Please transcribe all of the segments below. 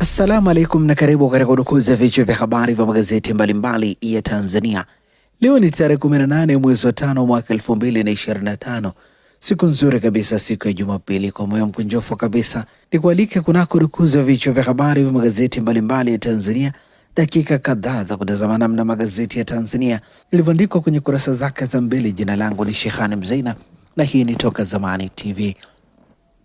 Assalamu alaikum na karibu katika udukuzi ya vichwa vya habari vya magazeti mbalimbali mbali ya Tanzania. Leo ni tarehe 18 mwezi wa tano mwaka 2025. Siku nzuri kabisa, siku ya Jumapili. Kwa moyo mkunjofu kabisa ni kualike kunako udukuzi vichwa vya habari vya magazeti mbalimbali mbali ya Tanzania, dakika kadhaa za kutazama namna magazeti ya Tanzania ilivyoandikwa kwenye kurasa zake za mbele. Jina langu ni Shehani Mzeina na hii ni Toka Zamani TV.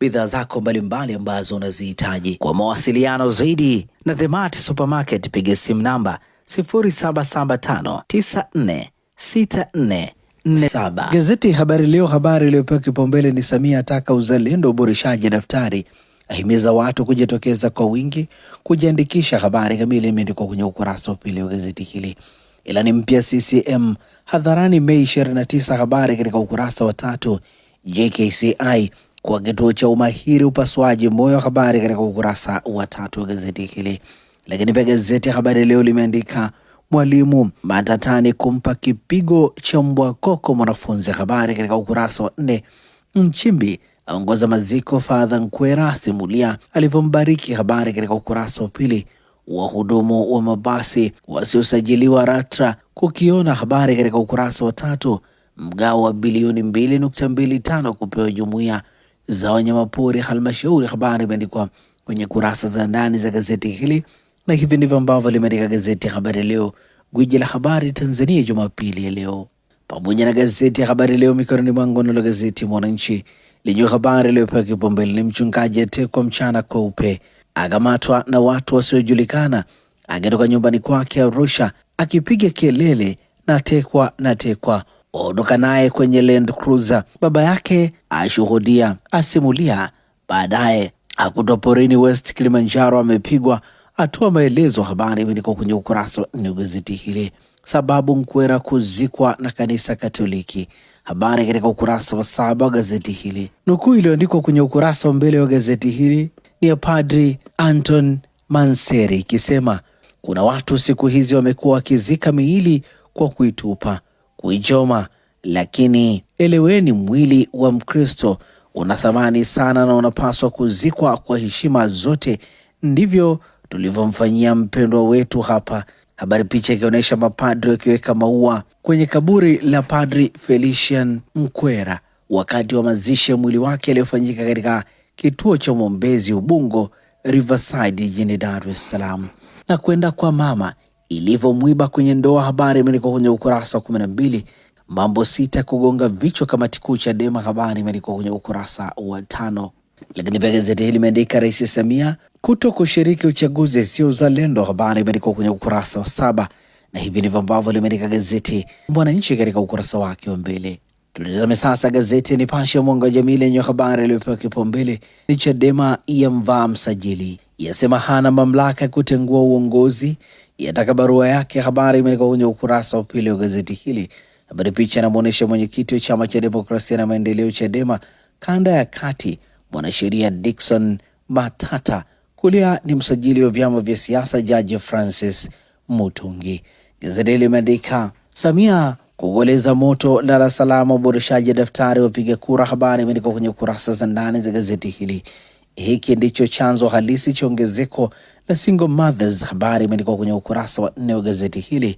bidhaa zako mbalimbali ambazo unazihitaji. Kwa mawasiliano zaidi na The Mart Supermarket, piga simu namba 0775946447. Gazeti Habari Leo, habari iliyopewa kipaumbele ni Samia ataka uzalendo uboreshaji daftari ahimiza watu kujitokeza kwa wingi kujiandikisha. Habari kamili imeandikwa kwenye ukurasa wa pili wa gazeti hili. Ilani mpya CCM hadharani Mei 29, habari katika ukurasa wa tatu. JKCI kwa kituo cha umahiri upasuaji moyo, habari katika ukurasa wa tatu wa gazeti hili. Lakini pia gazeti Habari Leo limeandika mwalimu matatani kumpa kipigo cha mbwa koko mwanafunzi, habari katika ukurasa wa nne. Nchimbi aongoza maziko Fadha Nkwera simulia alivyombariki, habari katika ukurasa wa pili. Wahudumu wa mabasi wasiosajiliwa Ratra kukiona, habari katika ukurasa wa tatu. Mgao wa bilioni mbili nukta mbili tano kupewa jumuiya za wanyamapori halmashauri. Habari imeandikwa kwenye kurasa za ndani za gazeti hili, na hivi ndivyo ambavyo limeandika gazeti ya Habari Leo, gwiji la habari Tanzania, Jumapili ya leo, pamoja na gazeti ya Habari Leo mikononi mwangu. Nalo gazeti Mwananchi lenye habari iliyopewa kipaumbele ni mchungaji atekwa mchana kweupe, akamatwa na watu wasiojulikana akitoka nyumbani kwake Arusha, akipiga kelele natekwa, natekwa ondoka naye kwenye Land Cruiser. Baba yake ashuhudia, asimulia baadaye porini West Kilimanjaro amepigwa, atoa maelezo. Habari imeandikwa kwenye ukurasa wa gazeti hili. Sababu Mkwera kuzikwa na kanisa Katoliki, habari katika ukurasa wa saba wa gazeti hili. Nukuu iliyoandikwa kwenye ukurasa wa mbele wa gazeti hili ni ya Padri Anton Manseri ikisema kuna watu siku hizi wamekuwa wakizika miili kwa kuitupa kuichoma, lakini eleweni, mwili wa Mkristo una thamani sana na unapaswa kuzikwa kwa heshima zote. Ndivyo tulivyomfanyia mpendwa wetu hapa. Habari picha ikionyesha mapadri wakiweka maua kwenye kaburi la Padri Felician Mkwera wakati wa mazishi ya mwili wake yaliyofanyika katika kituo cha mwombezi Ubungo Riverside jijini Dar es Salaam. Na kwenda kwa mama ilivyomwiba kwenye ndoa. Habari imeandikwa kwenye ukurasa wa kumi na mbili. Mambo sita kugonga vichwa kamati kuu Chadema. Habari imeandikwa kwenye ukurasa wa tano. Lakini pia gazeti hili limeandika Rais Samia kuto kushiriki uchaguzi sio uzalendo. Habari imeandikwa kwenye ukurasa wa saba, na hivi ndivyo ambavyo limeandika gazeti Mwananchi katika ukurasa wake wa mbele. Tulitazame sasa gazeti ya Nipashe mwanga wa jamii lenye habari iliyopewa kipaumbele ni Chadema yamvaa msajili, yasema hana mamlaka ya kutengua uongozi yataka barua yake. Habari imeandikwa kwenye ukurasa wa pili wa gazeti hili. Habari picha inamwonyesha mwenyekiti wa chama cha demokrasia na maendeleo Chadema kanda ya kati, mwanasheria Dickson Matata, kulia ni msajili wa vyama vya siasa Jaji Francis Mutungi. Gazeti hili limeandika Samia kukoleza moto Dar es Salaam, uboreshaji daftari wapiga kura. Habari imeandikwa kwenye kurasa za ndani za gazeti hili. Hiki ndicho chanzo halisi cha ongezeko la single mothers. Habari imeandikwa kwenye ukurasa wa nne wa gazeti hili.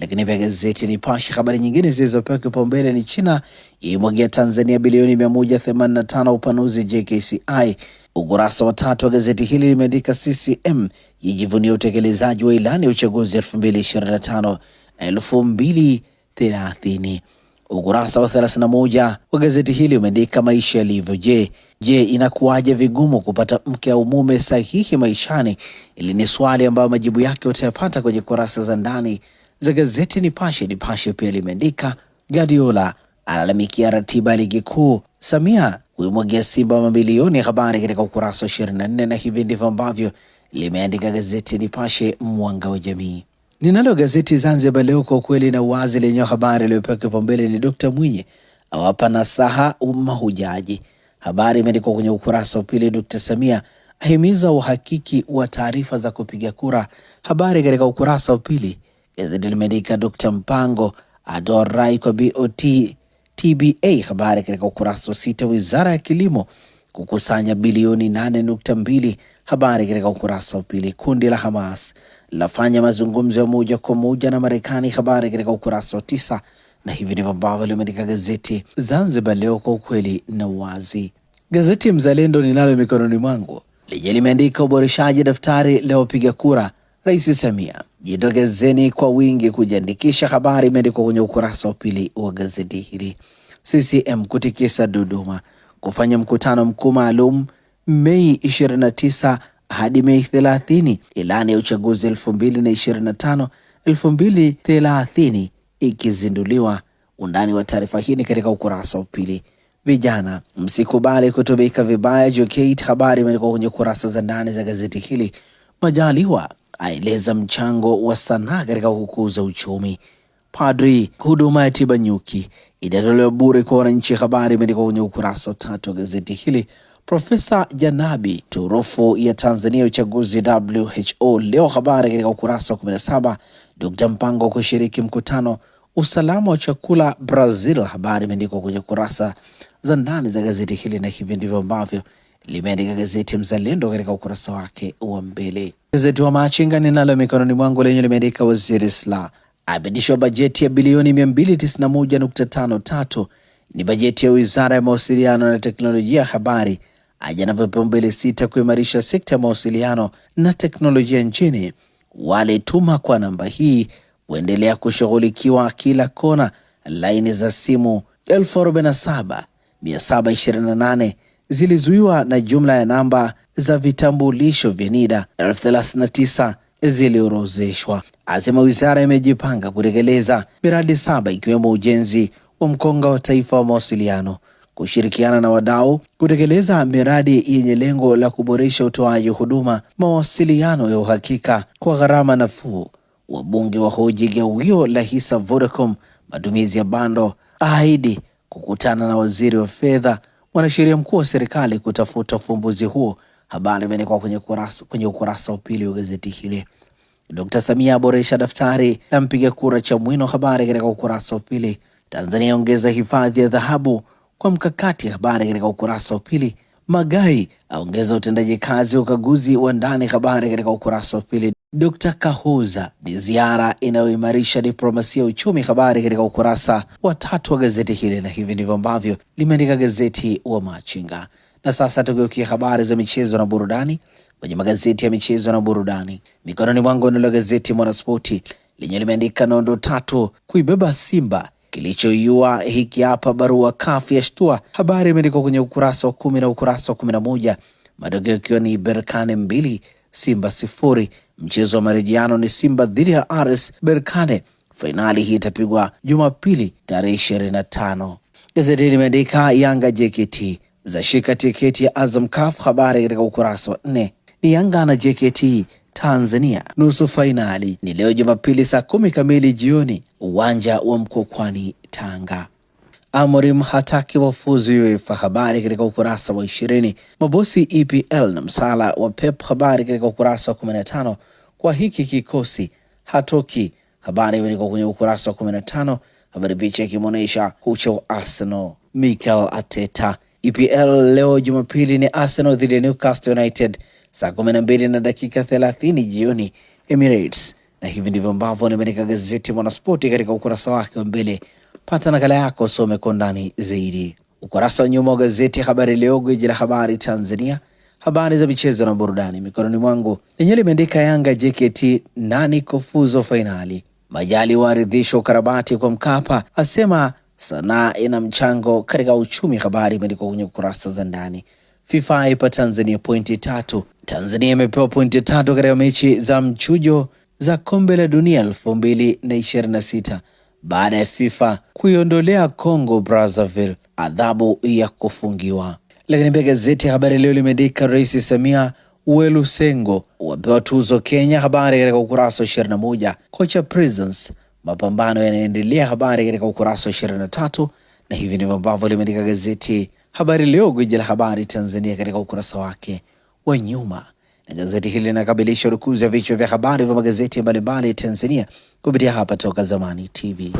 Lakini pia gazeti Nipashe, habari nyingine zilizopewa kipaumbele ni China imwagia Tanzania bilioni 185 upanuzi JKCI. Ukurasa wa tatu wa gazeti hili limeandika CCM yajivunia utekelezaji wa ilani ya uchaguzi 2025 2030. Ukurasa wa 31 wa gazeti hili umeandika maisha yalivyo. Je, je, inakuwaje vigumu kupata mke au mume sahihi maishani? Ili ni swali ambayo majibu yake utayapata kwenye kurasa za ndani za gazeti Nipashe. Nipashe pia limeandika Guardiola alalamikia ratiba ya ligi kuu, Samia kuimwagia Simba mamilioni ya habari katika ukurasa wa 24, na hivi ndivyo ambavyo limeandika gazeti Nipashe, mwanga wa jamii. Ninalo gazeti Zanzibar Leo kwa ukweli na uwazi lenye habari iliyopewa kipaumbele ni Dkt Mwinyi awapa nasaha mahujaji. Habari imeandikwa kwenye ukurasa wa pili. Dkt Samia ahimiza uhakiki wa taarifa za kupiga kura, habari katika ukurasa wa pili. Gazeti limeandika Dkt Mpango atoa rai kwa BOT TBA, habari katika ukurasa wa sita. Wizara ya Kilimo kukusanya bilioni nukta mbili. habari katika ukurasa wa pili. Kundi la Hamas lafanya mazungumzo ya moja kwa moja na Marekani. Habari katika ukurasa wa tisa, na hivi ndivyo ambavyo limeandika gazeti Zanzibar Leo kwa ukweli na uwazi. Gazeti Mzalendo ninalo mikononi mwangu lenye limeandika uboreshaji daftari la wapiga kura, Rais Samia, jitokezeni kwa wingi kujiandikisha. Habari imeandikwa kwenye ukurasa wa pili wa gazeti hili. CCM kutikisa Dodoma kufanya mkutano mkuu maalum Mei 29 hadi Mei 30 ilani ya uchaguzi 2025 2030 ikizinduliwa. Undani wa taarifa hii ni katika ukurasa wa pili. Vijana msikubali kutumika vibaya Jokate, habari imeandikwa kwenye kurasa za ndani za gazeti hili. Majaliwa aeleza mchango wa sanaa katika kukuza uchumi. Padri, huduma ya tiba nyuki itatolewa bure kwa wananchi, habari imeandikwa kwenye ukurasa wa tatu wa gazeti hili. Profesa Janabi, turufu ya Tanzania ya uchaguzi WHO leo, habari katika ukurasa wa 17. Dkt Mpango kushiriki mkutano usalama wa chakula Brazil, habari imeandikwa kwenye kurasa za ndani za gazeti hili, na hivi ndivyo ambavyo limeandika gazeti Mzalendo katika ukurasa wake wa mbele. Gazeti wa Machinga ninalo mikononi mwangu lenye limeandika waziri Slaa apitishwa bajeti ya bilioni 291.53 ni bajeti ya wizara ya mawasiliano na teknolojia ya habari na vipaumbele sita kuimarisha sekta ya mawasiliano na teknolojia nchini. Wale tuma kwa namba hii huendelea kushughulikiwa kila kona. Laini za simu 47728 zilizuiwa na jumla ya namba za vitambulisho vya NIDA 39 ziliorozeshwa. Azima wizara imejipanga kutekeleza miradi saba ikiwemo ujenzi wa mkonga wa taifa wa mawasiliano kushirikiana na wadau kutekeleza miradi yenye lengo la kuboresha utoaji huduma, mawasiliano ya uhakika kwa gharama nafuu. Wabunge wahoji gawio la hisa Vodacom, matumizi ya bando, ahidi kukutana na waziri wa fedha, mwanasheria mkuu wa serikali kutafuta ufumbuzi huo. Habari imeandikwa kwenye ukurasa kwenye ukurasa wa pili wa gazeti hili. Dkt Samia aboresha daftari la mpiga kura cha mwino, habari katika ukurasa wa pili. Tanzania ongeza hifadhi ya dhahabu kwa mkakati. Habari katika ukurasa wa pili. Magai aongeza utendaji kazi wa ukaguzi wa ndani. Habari katika ukurasa wa pili. d kahuza ni ziara inayoimarisha diplomasia ya uchumi. Habari katika ukurasa wa tatu wa gazeti hili, na hivi ndivyo ambavyo limeandika gazeti wa Machinga. Na sasa tugeukia habari za michezo na burudani kwenye magazeti ya michezo na burudani. Mikononi mwangu nalo gazeti Mwanaspoti lenye limeandika nondo tatu kuibeba Simba Kilichoiua hiki hapa, barua kafu ya shtua. Habari imeandikwa kwenye ukurasa wa kumi na ukurasa wa kumi na moja, matokeo ikiwa ni Berkane mbili Simba sifuri. Mchezo wa marejiano ni Simba dhidi ya RS Berkane. Fainali hii itapigwa Jumapili tarehe ishirini na tano. Gazeti limeandika Yanga JKT zashika tiketi ya Azam Kaf. Habari katika ukurasa wa nne ni Yanga na JKT Tanzania. Nusu fainali ni leo Jumapili saa kumi kamili jioni, uwanja wa Mkokwani, Tanga. Amorim hataki wafuzi UEFA. Habari katika ukurasa wa ishirini. Mabosi EPL na msala wa Pep. Habari katika ukurasa wa kumi na tano. Kwa hiki kikosi hatoki. Habari imeandikwa kwenye ukurasa wa kumi na tano. Habari picha ikimwonyesha kocha wa Arsenal Mikel Arteta. EPL leo Jumapili ni Arsenal dhidi ya Newcastle United saa kumi na dakika thelathini jioni Emirates, na hivi ndivyo ambavyo nimeandika gazeti Mwanaspoti katika ukurasa wake wa mbele. Pata nakala yako usome kwa undani zaidi. Ukurasa wa nyuma wa gazeti Habari Leo, gwiji la habari Tanzania, habari za michezo na burudani mikononi mwangu, lenyewe limeandika Yanga JKT nani kufuzo fainali, Majali waaridhishwa ukarabati kwa Mkapa, asema sanaa ina mchango katika uchumi. Habari imeandikwa kwenye kurasa za ndani. FIFA ipa Tanzania pointi tatu. Tanzania imepewa pointi tatu katika mechi za mchujo za kombe la dunia mbili na 2026 baada ya FIFA kuiondolea Congo Brazzaville adhabu ya kufungiwa. Lakini pia gazeti ya Habari Leo limeandika Rais Samia Welusengo wapewa tuzo Kenya, habari katika ukurasa wa moja Kocha Prisons mapambano yanaendelea, habari katika ukurasa wa tatu. na hivi ndivyo ambavyo limeandika gazeti Habari Leo, gwiji la habari Tanzania, katika ukurasa wake wa nyuma na gazeti hili linakabilisha rukuzi ya vichwa vya habari vya magazeti mbalimbali ya Tanzania kupitia hapa Toka Zamani TV.